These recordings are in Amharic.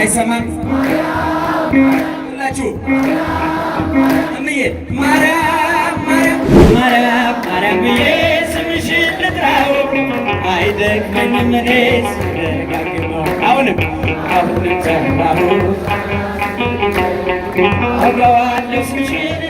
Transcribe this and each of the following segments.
አይሰማም አሁንም አሁንም ዘምራሁ አውገዋለሁ ስምሽን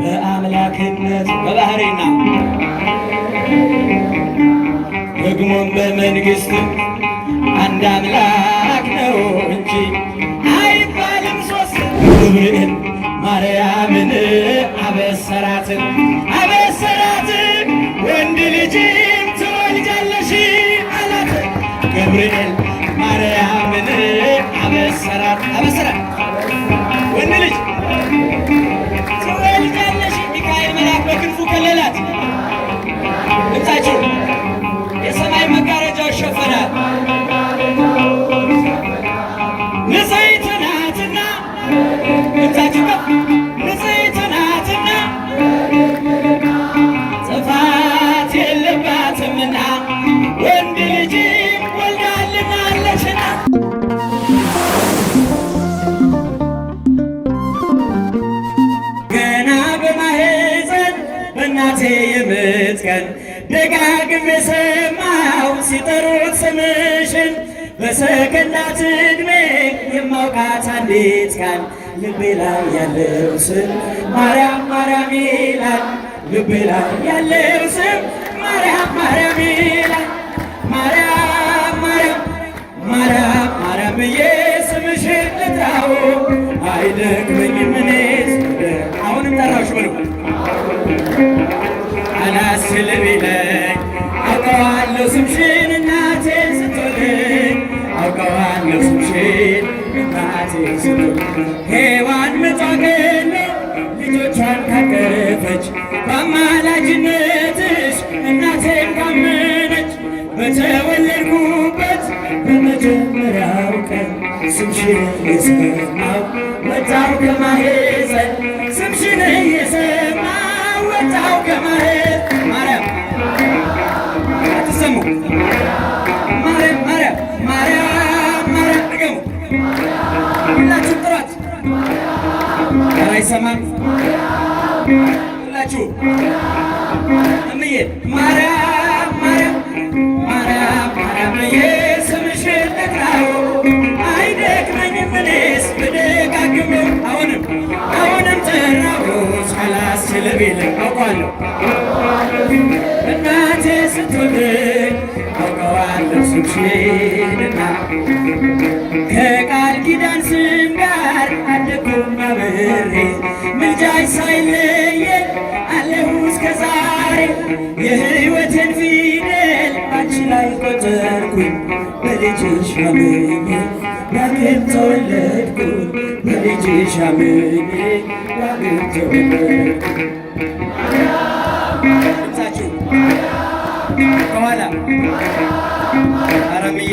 በአምላክነት በባህሪና ደግሞም በመንግስት አንድ አምላክ በሰገናት ዕድሜ የማውቃት አንዲት ቃል ልቤ ላይ ያለው ስም ማርያም ማርያም ይላል። ልቤ ላይ ያለው ስም ማርያም ማርያም ሔዋን መጫገን ልጆቿን ካቀፈች በአማላጅነትሽ እናቴን ካመነች በተወለድኩበት በመጀመሪያው ቀን ስምሽን ከማ አይሰማም ሁላችሁ እምዬ ማርያም ማርያም ማርያም ብዬ ስምሽን ጠራው አይደክመኝም እኔስ ብደጋግመው አሁንም አሁንም ጠራው ሳላስችል ቢልም አውቃለሁ እናቴ ስትወልድ ልብሶችንና ከቃል ኪዳን ስም ጋር አለኩም አብሬ ምልጃሽ ሳይለየን አለሁ እስከ ዛሬ የሕይወትን ፊደል አንቺ ላይ ቆጠርኩኝ በልጅሽ አምኜ ዳግም ተወለድኩኝ በልጅሽ አምኜ ዳግም ተወለድኩኝ ከኋላ አረምዬ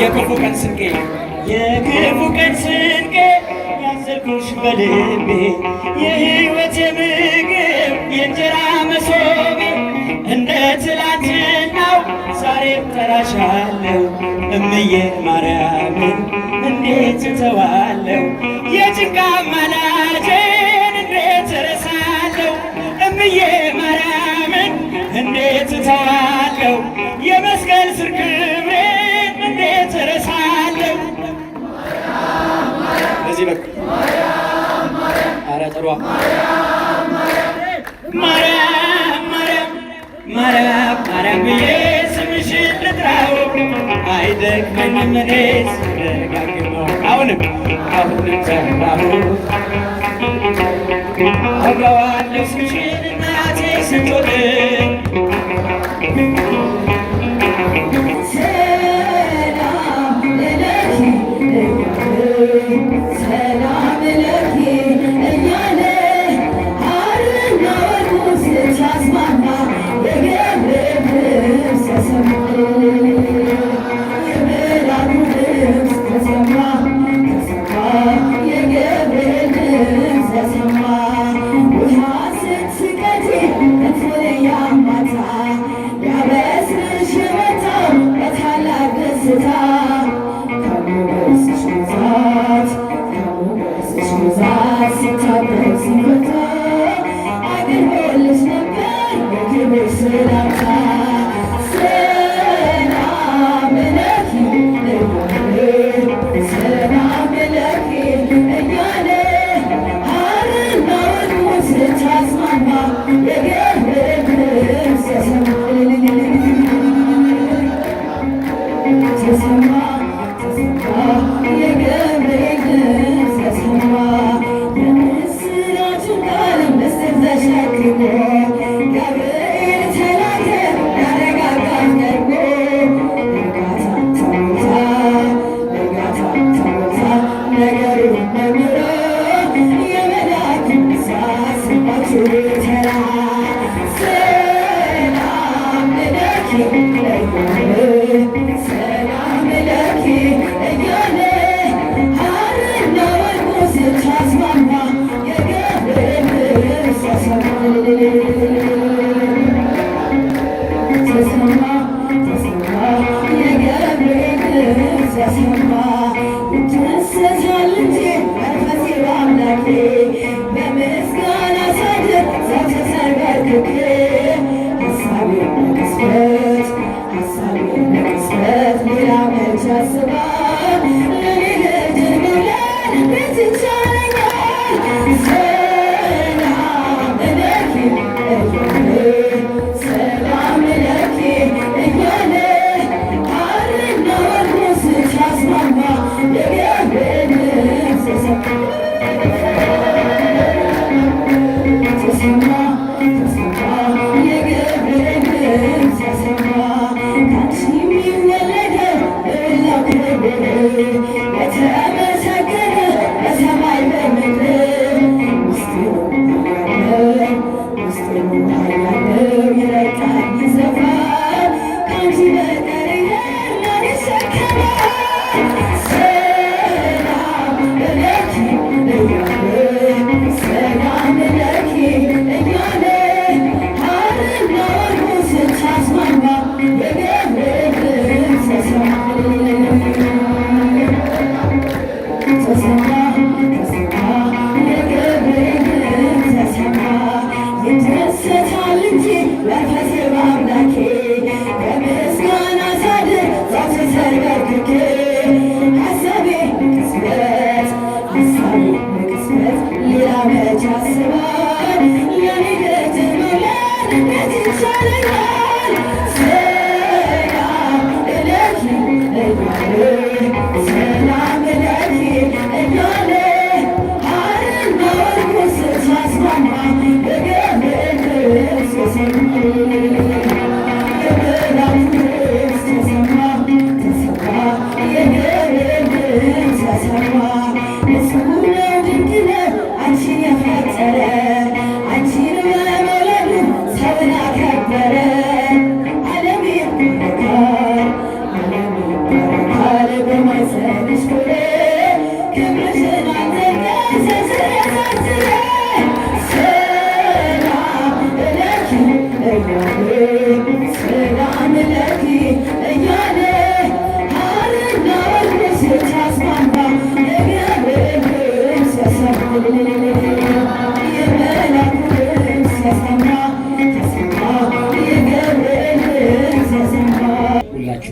የክፉ ቀን ስንቄ የክፉ ቀን ስንቄ አደረኩሽ በልቤ የህይወት ምግብ የእንጀራ መሶብ እንደ ትላንትናው ዛሬም ጠራሻለሁ እምዬ ማርያም እንዴት እተዋለሁ የጭቃ ማላጄን እንዴት እረሳለሁ እምዬ ማርያምን እንዴት እተዋለሁ የመስቀል ስር ክብሬን እንዴት እረሳለሁ በዚህ በኩል አጥሯ ማርያም ማርያም ማርያም ማርያም ብዬ ስምሽን ልጥራው አይደክመኝም እኔ ስደጋግመው አሁንም አሁንም ዘምራው አውጋዋለሁ ስምሽን እናቴ ስጮልኝ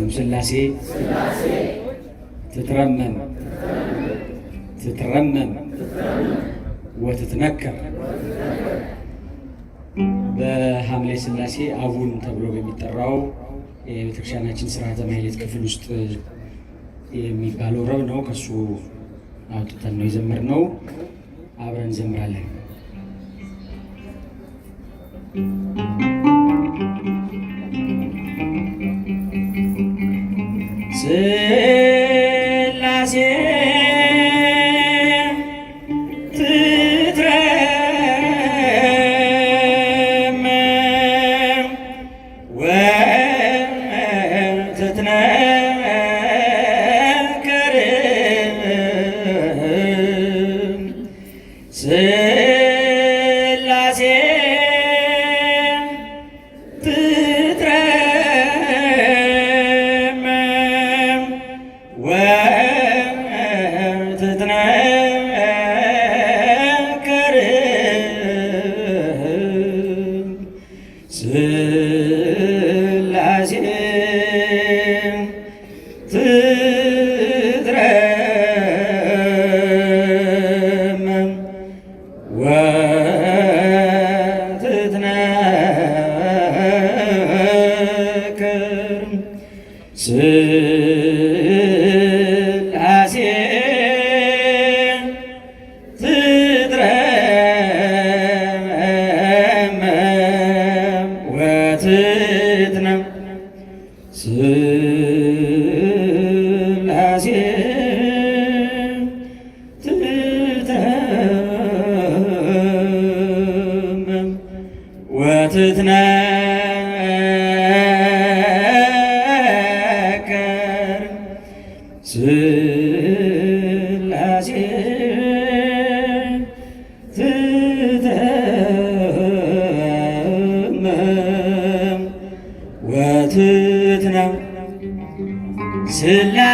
አላችሁ። ስላሴ ትትረመም ትትረመም ወትትነከር በሐምሌ ስላሴ አቡን ተብሎ በሚጠራው የቤተክርስቲያናችን ስርዓተ ማሕሌት ክፍል ውስጥ የሚባለው ረብ ነው። ከሱ አውጥተን ነው የዘመርነው። አብረን እንዘምራለን። você.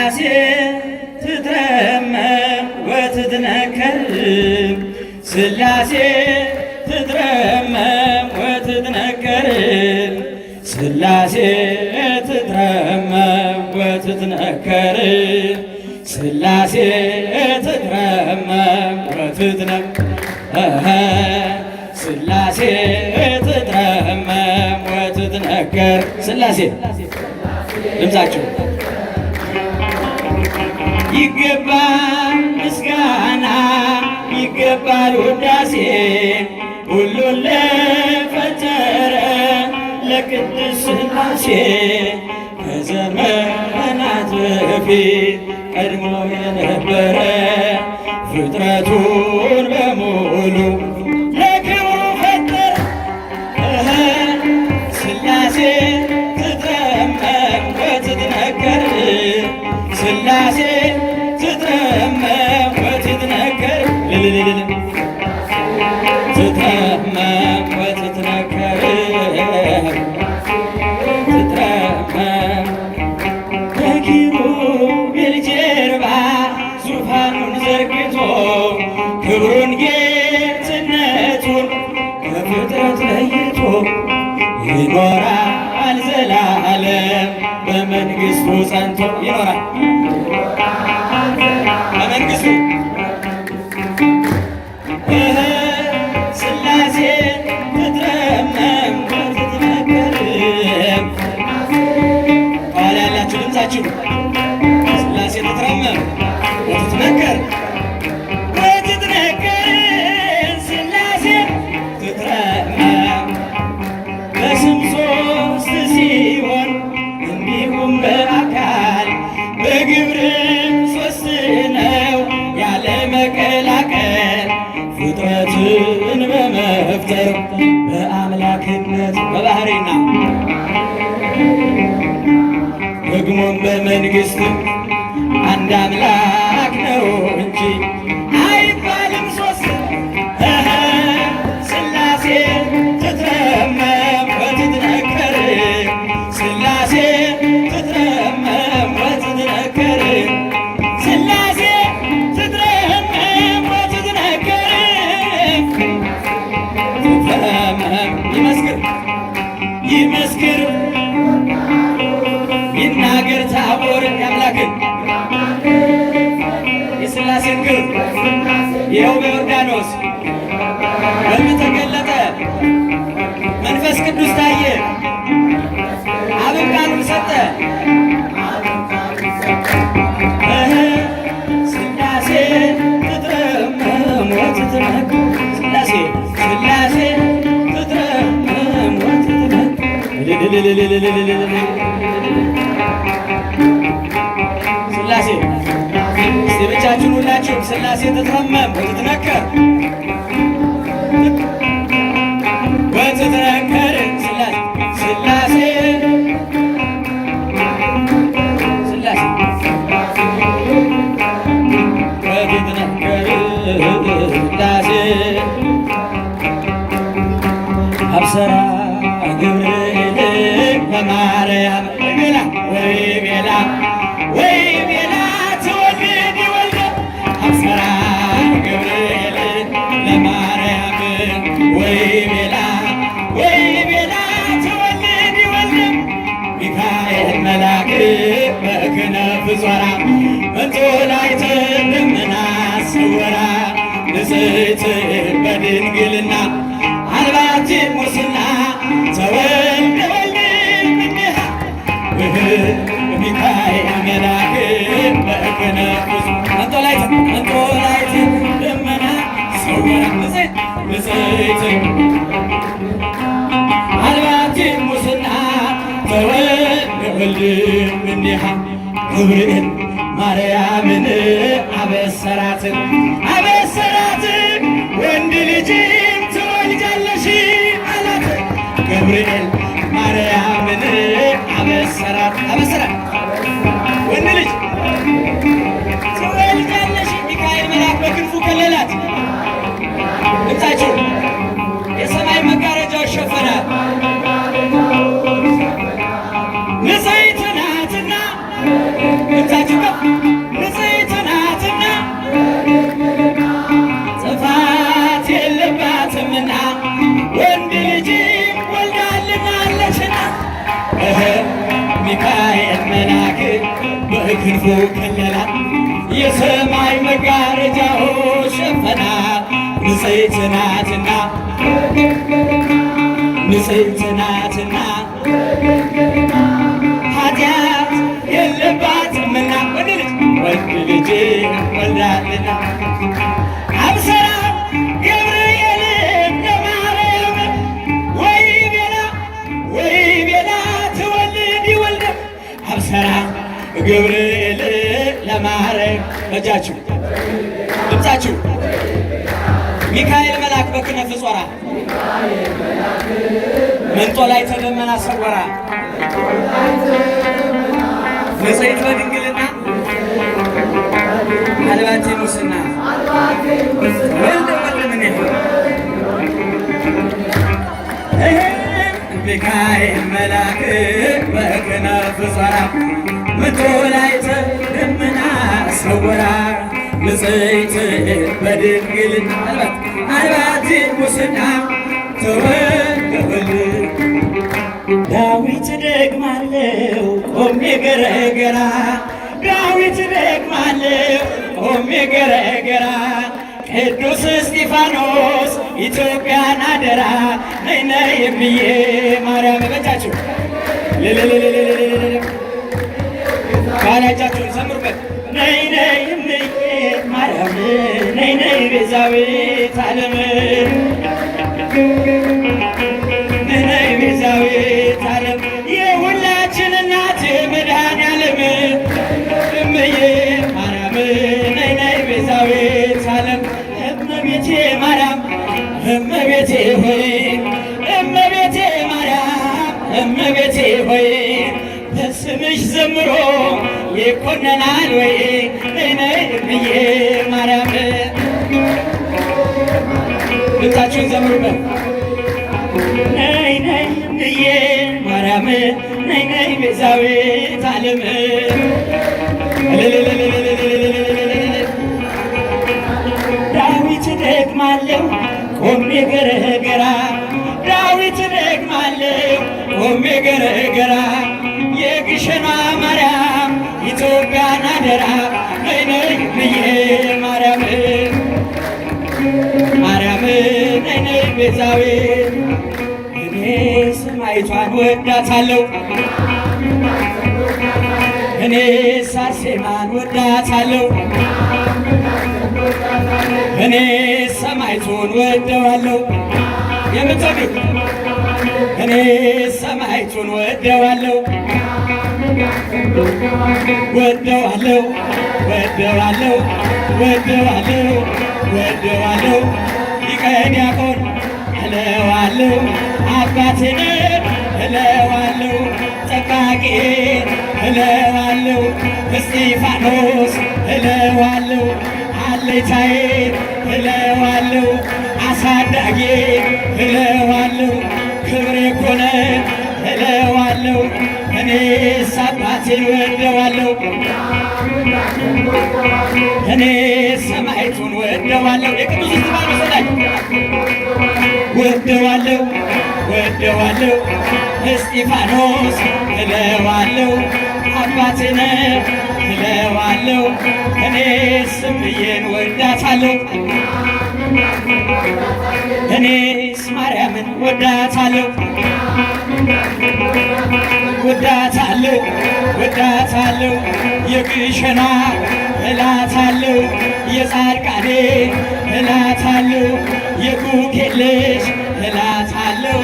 ቅዳሴ ትትረመም ወትትነከር ስላሴ ትትረመም ወትትነከር ሥላሴ ትትረመም ወትትነከር ሥላሴ ትትረመም ወትትነከር ሥላሴ ትትረመም ወትትነከር ሥላሴ ድምፃችሁ ይገባል ምስጋና፣ ይገባል ውዳሴ ሁሉን ለፈጠረ ለቅድስት ሥላሴ ከዘመናት በፊት ቀድሞ ክብሩን ጌትነቱን ከፍጥረት ለይቶ ይኖራል ዘላለም በመንግስቱ ጸንቶ ይኖራል you get gezdim ይኸው በዮርዳኖስ በምን ተገለጠ? መንፈስ ቅዱስ ታየ። አብን ቃሉን ሰጠ። ስላሴ ስላሴ ሁላችን ሁላችን ስላሴ ትትረመም ወትትነከር ሚካኤል መልአክ በክንፉ ከለላት፣ የሰማይ መጋረጃው ሸፈናት። ንጽሕት ናትና ንጽሕት ናትና መከራ ገብርኤል ለማረግ በጃችሁ ድምፃችሁ ሚካኤል መልአክ በክነፍ ጾራ መንጦ ላይ ተደመና ሰወራ ንጽሕት በድንግልና አልባቴ ሙስና ወልደ ወልደ ምን ሚካኤል መላክ በክነፍ ዞራ ምትወላይተ ደመና ሰውራ ንጽሕት በድንግልና አልባት ሙስና ተወልደል ዳዊት ደግማለው ቆሜ ገረገራ ዳዊት ደግማለው ቆሜ ገረገራ ቅዱስ እስጢፋኖስ ኢትዮጵያን አደራ ነይ ነይ የምዬ ማርያም በመጫችሁ ባላጃችሁን ዘምሩበት። ነይ ነይ የምዬ ማርያም ነይ ነይ ቤዛዊት ዓለም ነይ ነይ ቤዛዊት ዓለም እመቤቴ ሆይ እመቤቴ ማርያም እመቤቴ ሆይ በስምሽ ዘምሮ ይኮነናል ወይ እኔዬ ማርያም ልታችሁን ዘምሩበት ነይ ነይ እምዬ ማርያም ነይ ነይ ቤዛዊት ዓለም ዳዊት ደግማለሁ ቆሜ ገረገራ ዳዊት ደግማለሁ ቆሜ ገረገራ የግሸኗ ማርያም ኢትዮጵያን አደራ ነይነይ ብዬ ማርያም ማርያም ነይነይ ቤዛዊ እኔ ሰማይቷን ወዳታለሁ እኔ ሳሴማን ወዳታለሁ እኔ ሰማይቱን ወደዋለሁ የምትወዱ እኔ ሰማይቱን ወደዋለሁ ወደዋለሁ ወደዋለሁ ወደዋለሁ ወደዋለሁ ሊቀ ዲያቆን እለዋለሁ አባቴን እለዋለሁ ጠባቂ እለዋለሁ እስጢፋኖስ እለዋለሁ መብለቻዬ እለዋለሁ አሳዳጌ እለዋለሁ ክብሬ እኮ ነው እለዋለሁ እኔስ አባቴን ወደዋለሁ እኔ ሰማይቱን ወደዋለሁ የቅዱስ እስጢፋኖስ ወዳጅ ወደዋለሁ ወደዋለሁ እስጢፋኖስ እለዋለሁ አባቴ እለዋለሁ እኔ ስምዬን ወዳታለሁ እኔስ ማርያምን ወዳታለሁ ወዳታለሁ ወዳታለሁ የግሸና እላታለሁ የጻድቃኔ እላታለሁ የጉኬ ልጅ እላታለሁ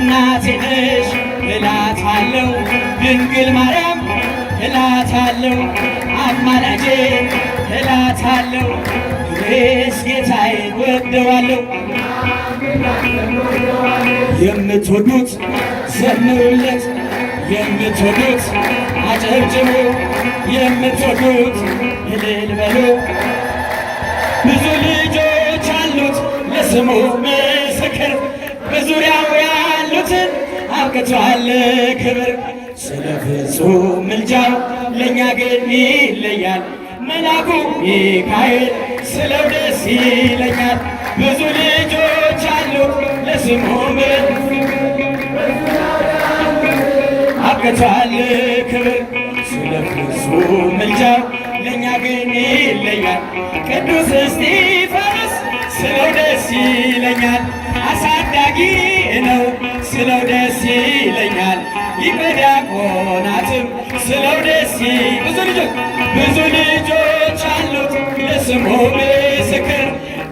እናቴ ነሽ እላታለሁ ድንግል ማርያም እላታለሁ አማላጄ እላታለሁ ሬስ ጌታዬን ወደዋለሁ። የምትወዱት ዘምሩለት፣ የምትወዱት አጨብጭቡ፣ የምትወዱት እልል በሉ። ብዙ ልጆች አሉት ለስሙ ምስክር፣ በዙሪያው ያሉትን አብቅቷል ክብር ስለ ፍጹም ምልጃው ለእኛ ግን ይለያል መላኩ ሚካኤል ስለው ደስ ይለኛል። ብዙ ልጆች አሉ ለስሙ ምል አብቅቷል ክብር ስለ ፍጹም ምልጃው ለእኛ ግን ይለያል ቅዱስ እስጢፋኖስ ስለው ደስ ይለኛል አሳዳጊ ብዙ ልጆች አሉት ለስሙ ምስክር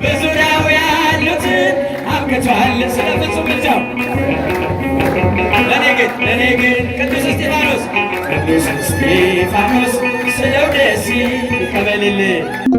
በዙሪያው ያሉትን አብቅቷል ስለ ፍጹም ልጃው ለኔ ግን ለኔ ግን ቅዱስ እስጢፋኖስ ቅዱስ እስጢፋኖስ ስለው ደስ ይበልልህ